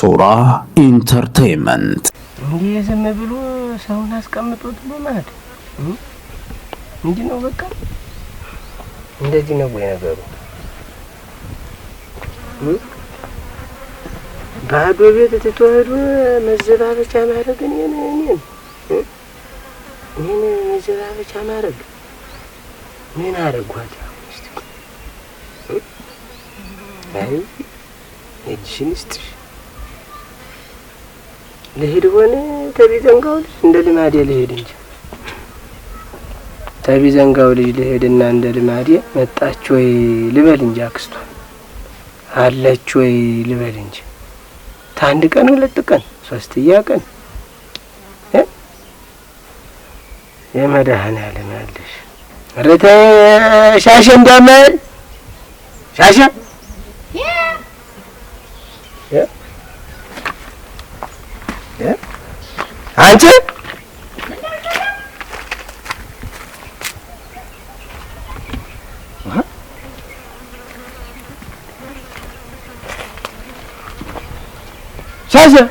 ሱራ ኢንተርቴይመንት እንግዲህ ዝም ብሎ ሰውን አስቀምጦት ብሎ ማለት እንዲህ ነው። በቃ እንደዚህ ነው ወይ ነገሩ? ባዶ ቤት ትተዋህዶ መዘባበቻ ማድረግ እኔን እኔን እኔን መዘባበቻ ማድረግ ምን አረጓት? እጅሽን ስጥሽ ልሄድ ሆነ ተቢዘንጋው ልጅ እንደ ልማዴ ልሄድ እንጂ ተቢዘንጋው ልጅ ልሄድና እንደ ልማዴ መጣች ወይ ልበል እንጂ አክስቷ አለች ወይ ልበል እንጂ ታንድ ቀን ሁለት ቀን ሶስትያ ቀን የመድኃኔዓለም አለሽ ረተ ሻሸ እንዳመል ሻሸ 哎，姐？啥事？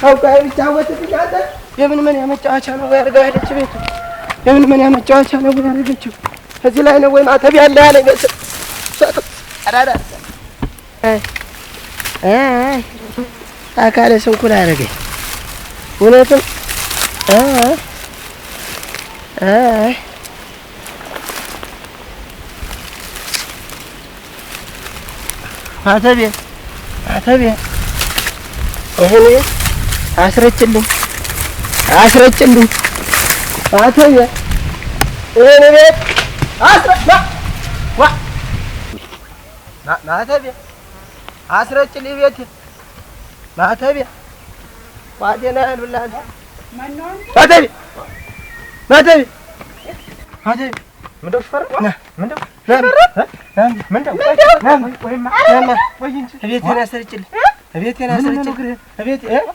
ታውቃ ልታወትትኛለህ የምን ምን ያመጫዋቻ ነው ወይ አድርገው ያለች ቤቱ የምን ምን ያመጫዋቻ ነው ወይ አደረገችው እዚህ ላይ ነው ወይ ማተብ ያለ ያለ ይመስል አካለ ስንኩል አደረገኝ። እውነትም ማተቤ ማተቤ ይህን አስረጭልኝ፣ አስረጭልኝ አቶዬ እኔ ቤት አስረ ዋ ማተቤ አስረጭልኝ ቤት ማተቤ ዋዴና ያልብላል ማተቤ ማተቤ ማተቤ ምንድን ነው ምንድን ነው ምንድን ነው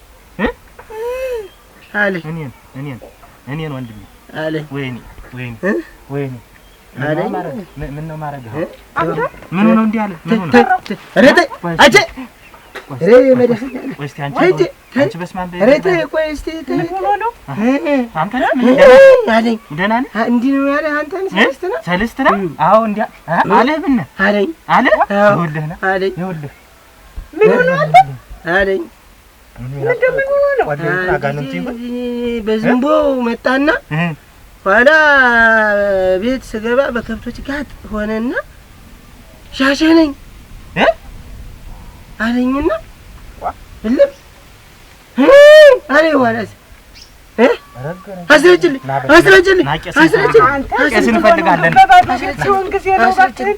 አለኝ። እኔን እኔን እኔን ወንድሜ አለኝ። ወይኔ ወይኔ ወይኔ ምን ነው ማረግህ? ምኑ ነው እንዲህ አለ? ምኑ ነው አንቺ አለኝ በዝንቦ መጣና ኋላ ቤት ስገባ በከብቶች ጋጥ ሆነና ሻሸነኝ አለኝና ብልም አለ ኋላ አስረጭልኝ አስረጭልኝ አስረጭልኝ ስንፈልጋለን ሲሆን ጊዜ ነው ባችንን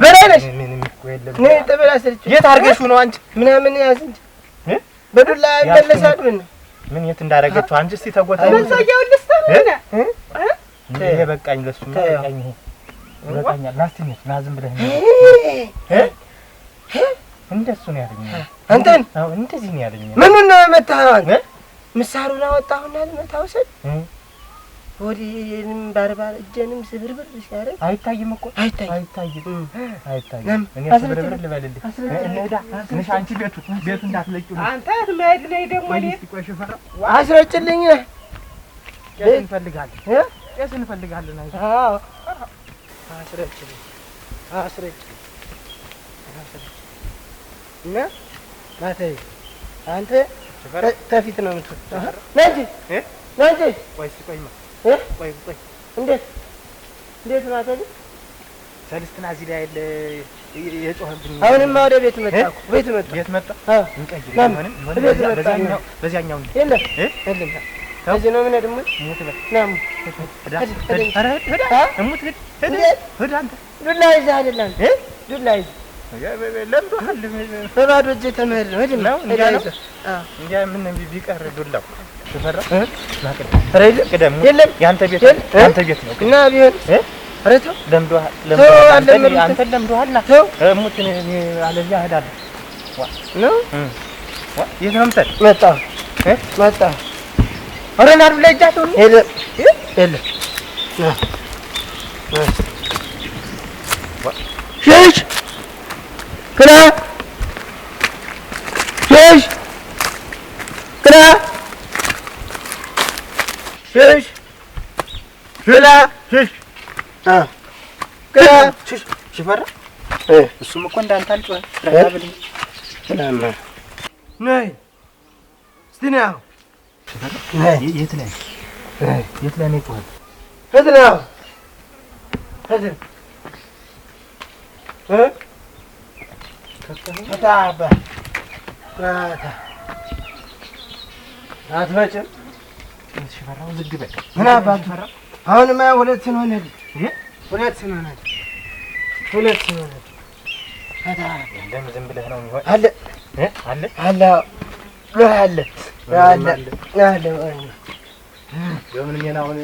በላይ ነሽ። የት ምን የት እንዳደረገችው አንቺ እስኪ ተጎታ ይሄ በቃኝ፣ ለሱ በቃኝ፣ ይበቃኛል። ና እስኪ ና ዝም ብለህ እንደሱ ነው ያለኝ። አንተን እንደዚህ ነው ያለኝ። ምኑን ነው የመታኸው አንተ? ምሳሩን አወጣሁና ልመታው ስል ወዲንም ባርባር እጀንም ስብርብር ሲያደርግ አይታይም እኮ አይታይም፣ አይታይም፣ አይታይም። እኔ ስብርብር ልበልልህ። እንሄዳ ነሽ አንቺ ቤቱ ቤቱ እንዳትለቂው አንተ ትመድ ነይ ደግሞ እኔ አስረጭልኝ። ቄስ እንፈልጋለን፣ ቄስ እንፈልጋለን። አዎ አስረጭልኝ፣ አስረጭልኝ፣ አስረጭልኝ። እና ማታ አንተ ተፊት ነው የምትሆን ነጂ ና እንጂ ቆይማ እ ቆይ ቆይ እንዴት እንዴት ሰልስትና እዚህ ላይ ያለ የጮኸብኝ። አሁንማ ወደ ቤት ቤት ቤት መጣ። እዚህ ነው በል ለምዶሃል። በባዶ እጅ ተመሄድ ነው ነው እንዲያ ምን ቢቀር ዱላው ተፈራ ቅደም የለም የአንተ ቤት የአንተ ቤት ነው እና ቢሆን ለምዶሃል ለምዶሃል አንተ ለምዶሃል ና እሙት አለዚያ እሄዳለሁ ነው የት ነው የምትሄድ? መጣሁ መጣሁ። ኧረ ና ዱላ ይጃት ሆኖ የለም የለም ሂጅ 그래? 셋! 그래? 셋! 그래? 셋! 아. 그래? 셋! እሱም እኮ እንዳንተ አልጮኸም። ረጋ ብለህ ነይ እስቲ ነይ። አሁን የት ላይ የት ላይ ነው የጮኸው? የት ላይ አሁን አትመጭም። ምን አሁንማ ሁለት ስንሆነልህ ሁለት ዝም ብለህ ነው የሚሆን? አለ አለ አለ አለ አለ በምን ሜናውን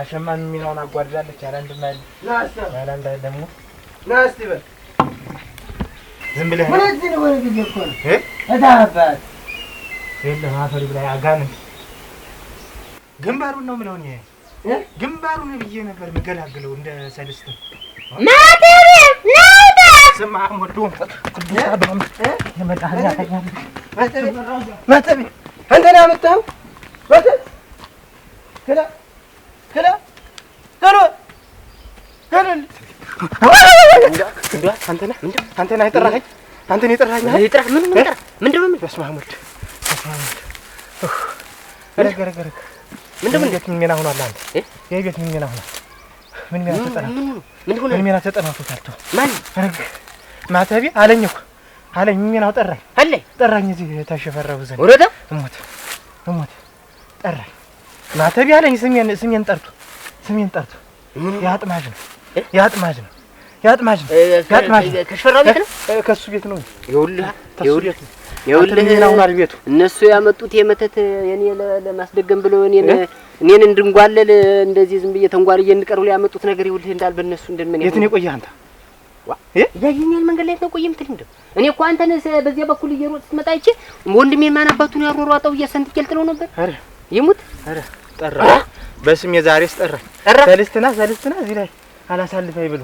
አሸማን ሜናውን አጓድላለች። ያለ አንድም ያለ ያለ አንድ ደግሞ ና እስኪ ዝም ብለህ ወደዚህ ነው ወደ ጊዜ እኮ ነው እታባት የለም አፈሪ ብላ አጋምን ግንባሩን ነው የምለው እኔ ግንባሩን ብዬ ነበር የምገላግለው እንደ ሰለስት ስማ አንተና የጠራኸኝ አንተን የጠራኸኝ ምንድን ነው? በስመ አለኝ እኮ አለኝ። ሚናው ጠራኝ ጠራኝ። እዚህ ተሸፈረው ዘንድ ወረደ እሞት እሞት ጠራኝ። ማተቤ አለኝ። ስሜን ስሜን ጠርቶ ስሜን ጠርቶ የአጥማጅ ነው ያጥማጅ ነው ያጥማጅ ነው ያጥማጅ ነው። ከሽፈራ ቤት ነው ከእሱ ቤት ነው። ይኸውልህ ይኸውልህ ይኸውልህ አሁን ቤቱ እነሱ ያመጡት የመተት የኔ ለማስደገም ብለው እኔን እኔን እንድንጓለል እንደዚህ ዝም ብዬ ተንጓልዬ እንቀር ብለው ያመጡት ነገር ይኸውልህ እንዳል በእነሱ እንደምን የት ነው የቆየህ አንተ? ያየኛል መንገድ ላይ ነው ቆየ የምትል እንደው እኔ እኮ አንተን በዚያ በኩል እየሮጥ ስትመጣ አይቼ ወንድሜን ማን አባቱን ያሯሯጠው እያሰንጥቄ ልጥለው ነበር። ኧረ ይሙት ኧረ ጠራ በስም የዛሬስ ጠራ ጠራ ሰልስትና ሰልስትና እዚህ ላይ አላሳልፈኝ ብሎ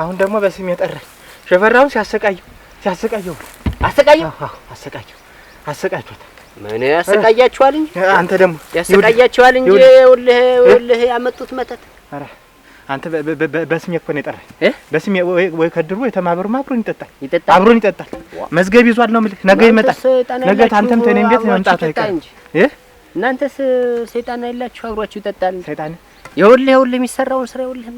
አሁን ደግሞ በስም የጠራኝ ሸፈራውን ሲያሰቃየው ሲያሰቃየው አሰቃየው አሰቃየው አሰቃይቶታል። ምን ያሰቃያችኋል እንጂ አንተ ደግሞ ያሰቃያችኋል እንጂ ይኸውልህ ይኸውልህ ያመጡት መተት ኧረ አንተ በስሜ እኮ ነው የጠራኝ። በስሜ ወይ ከድሩ ወይ ተማበሩ አብሮን ይጠጣል ይጠጣል አብሮን ይጠጣል። መዝገብ ይዟል ነው የምልህ። ነገ ይመጣል። ነገ አንተም ተኔም ቤት መምጣቱ እንጂ እናንተስ ሰይጣን አይላችሁ አብሯችሁ ይጠጣል። ሰይጣን ይኸውልህ ይኸውልህ የሚሰራውን ስራ ይኸውልህ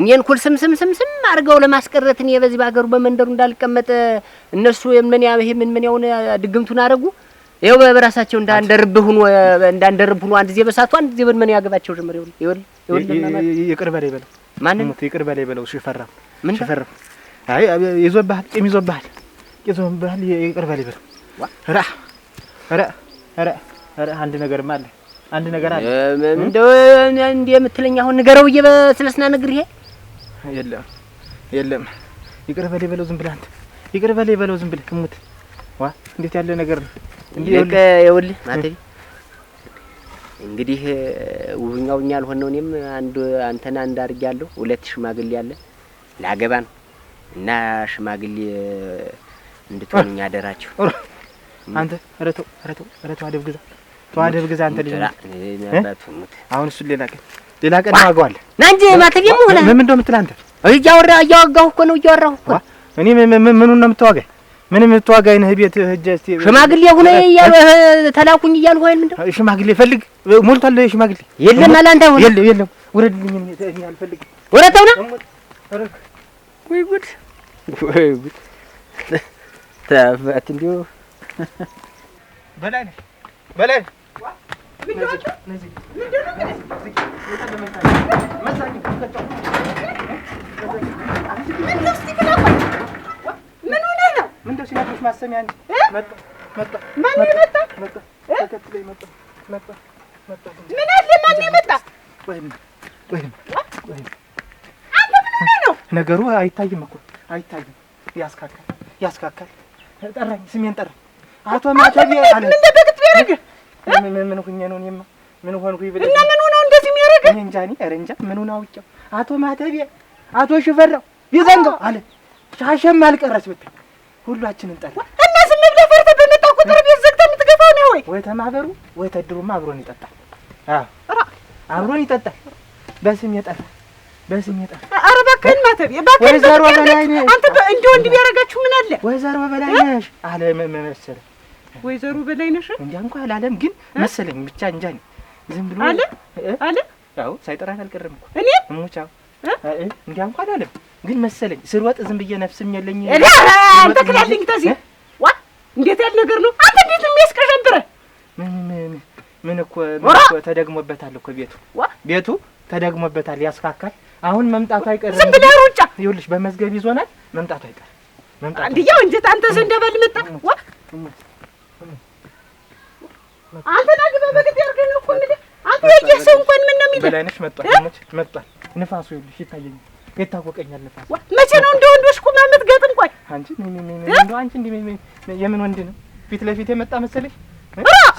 እኔን ኩል ስም ስም ስም ስም አድርገው ለማስቀረት እኔ በዚህ በሀገሩ በመንደሩ እንዳልቀመጠ እነሱ የምን ያ ይሄ ምን ምን ያውን ድግምቱን አደረጉ። ይኸው በራሳቸው እንዳንደርብ ሁኖ እንዳንደርብ ሁኖ አንድ ዜ በሳቱ አንድ ዜ በምን ያገባቸው ጀምር ይሁን ይወል ይወል ይቅር በላይ በለው ነው ይቅር በላይ በለው ሽፈራም ምን ሽፈራም አይ ይዞብሃል ቂም ይዞብሃል ይዞብሃል ይቅር በላይ በለው ራ ራ ራ ራ አንድ ነገርማ አለ አንድ ነገር አለ እንደው እንደ የምትለኝ አሁን ንገረው ብዬ በስለስና ነግር ይሄ የለም የለም፣ ይቅር በል በለው ዝም ብለህ አንተ ይቅር በለው ዝም ብለህ ዋ እንዴት ያለ ነገር ነው እንዴ! ማተቢ እንግዲህ ውብኛው እኛ አልሆነው እኔም አንድ አንተን አንድ ሁለት ሽማግሌ አለ ላገባ ነው እና ሽማግሌ እንድትሆኑኝ አደራችሁ። አንተ አደብ ግዛ ግዛ አንተ ልጅ አሁን እሱን ሌላ ቀን ሌላ ቀን ዋጋዋለሁ። ና እንጂ ማተቢያ ሆነ ምን እንደው የምትል አንተ እያወራ እያወጋሁ እኮ ነው እያወራሁ እኮ እኔ ምን ምኑን ነው የምትዋጋኝ? ምን የምትዋጋኝ ነህ? ቤት ሂጅ እስኪ ሽማግሌ ሁነ ተላኩኝ እያሉ ሆይል ምንድን ነው ሽማግሌ ፈልግ ሞልቷል። ሽማግሌ የለም አለ አንተ ሆነ የለም የለም ውረድልኝ፣ እኔ አልፈልግም። ወረተውና ወይ ጉድ ወይ ጉድ ታባት እንዲሁ በላይ ነህ በላይ ነህ ምን ሆነህ ነው? ምንድነው ሲነግሮች ማሰሚያ እንጂ መጣ የመጣ? ምን አለ ማነው የመጣ? አንተ ምን ሆነህ ነው? ነገሩ አይታይም እኮ አይታይም። ያስካካል ያስካካል። ጠራኝ፣ ስሜን ጠራኝ። አቶ ማቻ ምን ለበግት ቢያደርግ ምን ሁኜ ነው እኔማ? ምን ሆንኩኝ ብለህ እና ምኑ ነው እንደዚህ የሚያደርገው? እኔ እንጃ እኔ ኧረ እንጃ ምኑን አውቄው። አቶ ማተቢያ፣ አቶ ሽፈራው ይዘንገው አለ ሻሸም አልቀረች ብትል ሁላችንም ጠራ እና ዝም ብለህ ፈርተህ በመጣ ቁጥር ቤት ዘግተህ የምትገፋው ነው ወይ? ወይ ተማህበሩ ወይ ተድሩማ አብሮን ይጠጣል። አብሮን ይጠጣል። በስም የጠራ በስም የጠራ ኧረ እባክህን ማተቢያ እባክህን፣ አንተ እንደው እንዲህ ቢያደርጋችሁ ምን አለ ወይዘሮ በላይነሽ አለ መሰለህ ወይዘሮ በላይነሽን እንጃ እንኳ አላለም፣ ግን መሰለኝ ብቻ እንጃ ዝም ብሎ አለ አለ። ያው ሳይጠራት አልቀረም እኮ እኔ ሙቻው እንጃ እንኳ አላለም፣ ግን መሰለኝ ስርወጥ ዝም ብዬ ነፍስም የለኝ አንተ ክላልኝ ተዚህ ዋ እንዴት ያለ ነገር ነው አንተ እንዴት ነው የሚያስቀረብረ ምን ምን ምን እኮ እኮ ተደግሞበታል እኮ ቤቱ ዋ ቤቱ ተደግሞበታል። ያስካካል አሁን መምጣቱ አይቀርም። ዝም ብለህ ሩጫ ይኸውልሽ በመዝገብ ይዞናል። መምጣቱ አይቀርም መምጣቱ እንዴ ያው እንዴት አንተ ዘንደበል መጣ ዋ አንተ በላይነሽ መጧል መጧል ንፋሱ ይኸውልሽ ይታየኛል የታወቀኛል ንፋሱ መቼ ነው እንደ ወንዶች ቁማ የምትገጥም ቆይ አንቺ እንደው አንቺ እንዲህ የምን ወንድ ነው ፊት ለፊት የመጣ መሰለሽ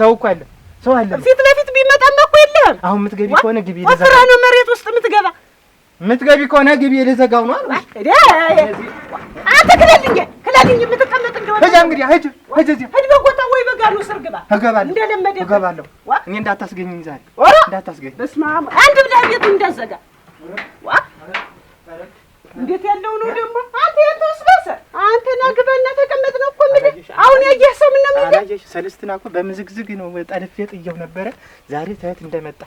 ሰው እኮ አለ ሰው አለ ፊት ለፊት ቢመጣማ እኮ የለህም አሁን የምትገቢ ከሆነ ግቢ ወፍራ ነው መሬት ውስጥ የምትገባ የምትገቢ ከሆነ ግቢ ልዘጋው ነው አንተ ክለልኝ ክለልኝ የምትቀመጥ እንደሆነ ሂጅ እንግዲህ ሂጅ ሂጅ ሂጅ በጎታ በቀኑ ስር ግባ። እገባለሁ እንደለመደ እገባለሁ። እኔ እንዳታስገኝኝ ዛሬ እንዳታስገኝ። በስመ አብ አንድ ብላ ቤቱ እንዳዘጋ እንዴት ያለው ነው ደግሞ አንተ ያንተስ በሰ አንተ ና ግባና ተቀመጥ ነው እኮ የምልህ። አሁን ያየህ ሰው ምን ነው የሚልህ? ሰለስትና እኮ በምዝግዝግ ነው ጠልፌ ጥየው ነበረ። ዛሬ ተየት እንደመጣ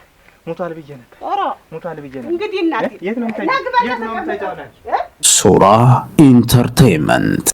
ሞቷል ብዬ ነበር። ሞቷል ብዬ ነበር። እንግዲህ እናቴ የት ነው የምታየው? ሱራ ኢንተርቴይንመንት